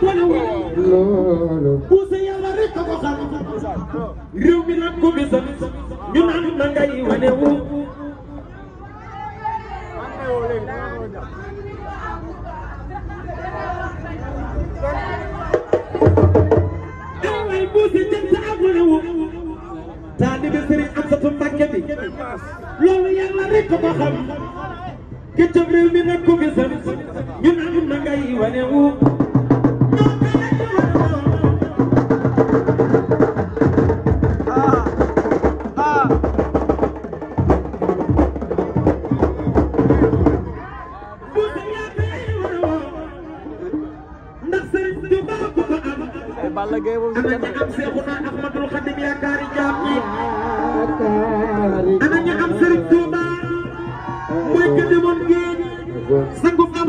boole woon puuse yàlla rek a ko xam réew mi nag ko bisam ñu na ngay wane wu ay puuse jëm sa ak wane wu taalibe sëriñ Amsatu Mbàkke bi loolu yàlla xam keccam réew mi nag ko bisam ñu naan na ngay wane wu Balla Gaye moom ana ñu am Seexuna Ahmadul Xadim yaakaari jaam ñi ana ñu am Serigne Touba mooy ka demoon géej sangu am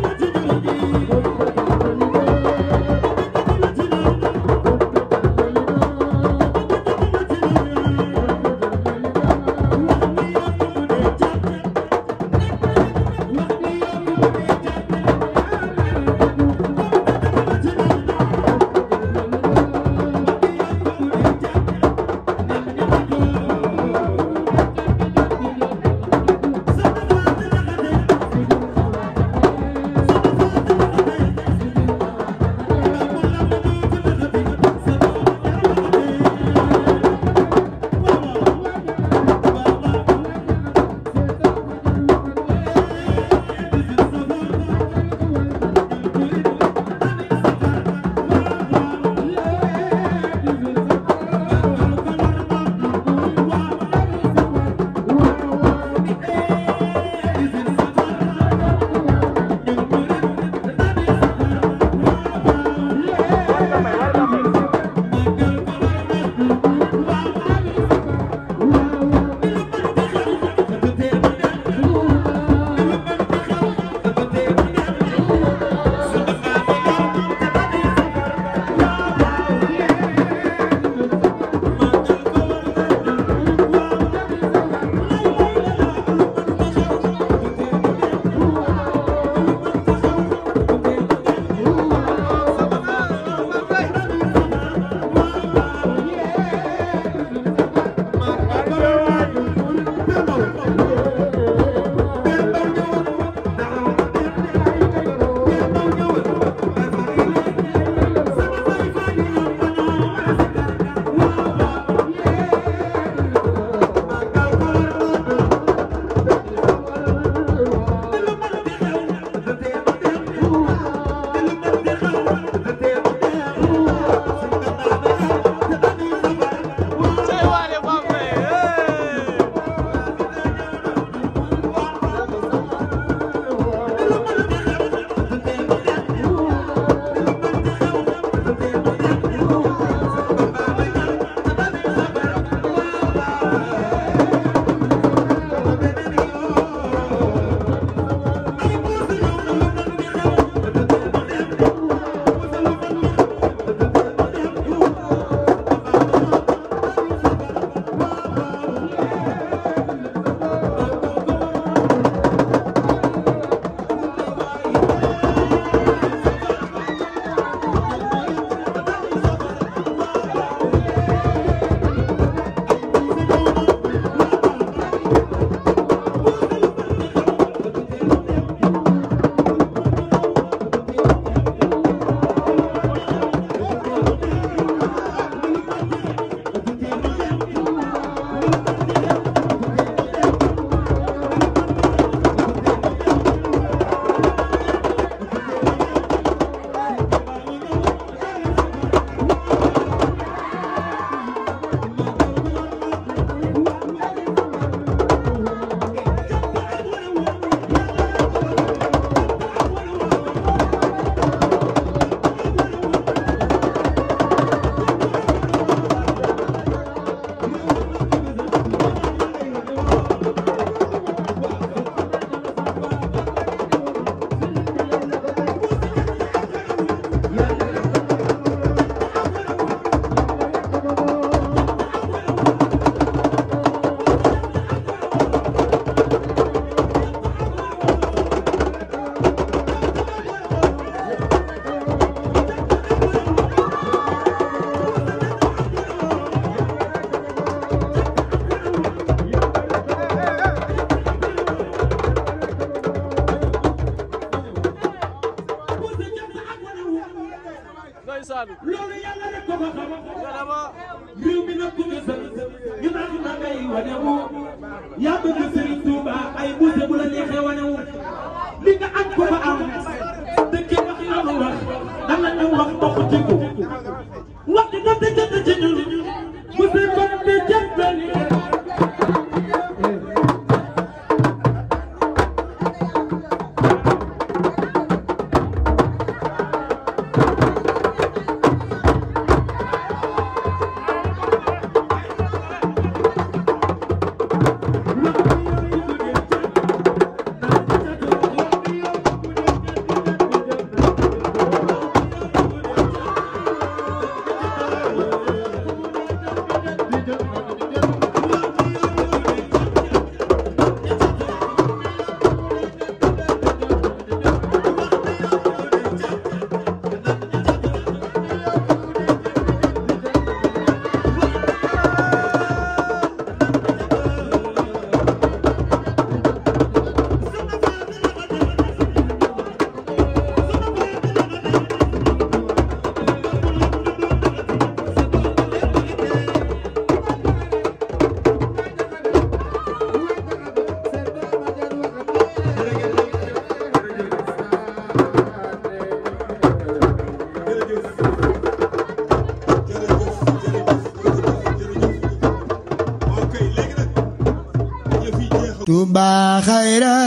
Touba Khayra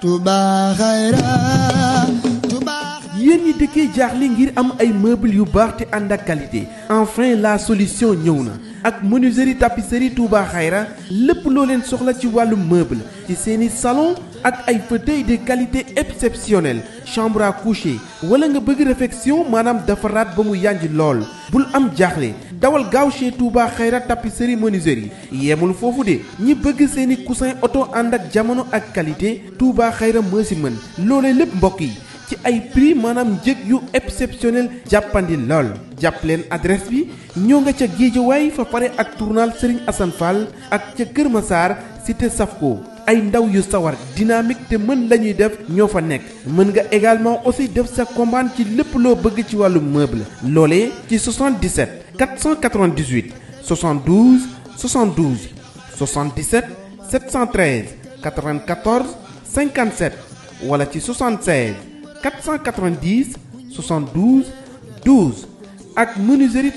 Touba Khayra yéen ñi dëkkee jaaxle ngir am ay meubles yu baax te ànd ak qualité enfin la solution ñëw na ak menuiserie tapisserie Touba Khayra lépp loo leen soxla ci wàllu meuble ci seeni salon ak ay fauteuil de qualité exceptionnelle chambre à coucher wala nga bëgg réfection maanaam dafa defaraat ba mu yànj lool bul am jaaxle dawal gaaw chez Touba Xayra tapisserie menuiserie yi yemul foofu de ñi bëgg seeni coussin oto ànd ak jamono ak qualité Touba Xayra moo si mën loolee lépp mbokk yi ci ay prix maanaam njëg yu exceptionnel jàppandi lool jàpp leen adresse bi ñoo nga ca Géejawaay fa pare ak tournal Serigne Assane Fall ak ca Kër Massar saf ko ay ndaw yu sawar dynamique te mën la ñuy def ñoo fa nekk mën nga également aussi def sa commande ci lépp loo bëgg ci wàllu meuble loole ci 77 498 72 72 77 713 94 57 wala ci 76 490 72 12 ak menuiserie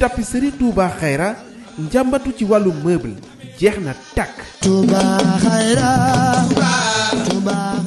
Touba Xayra njàmbatu ci wàllu meuble jeex na tàkk. Touba Khayra. Touba.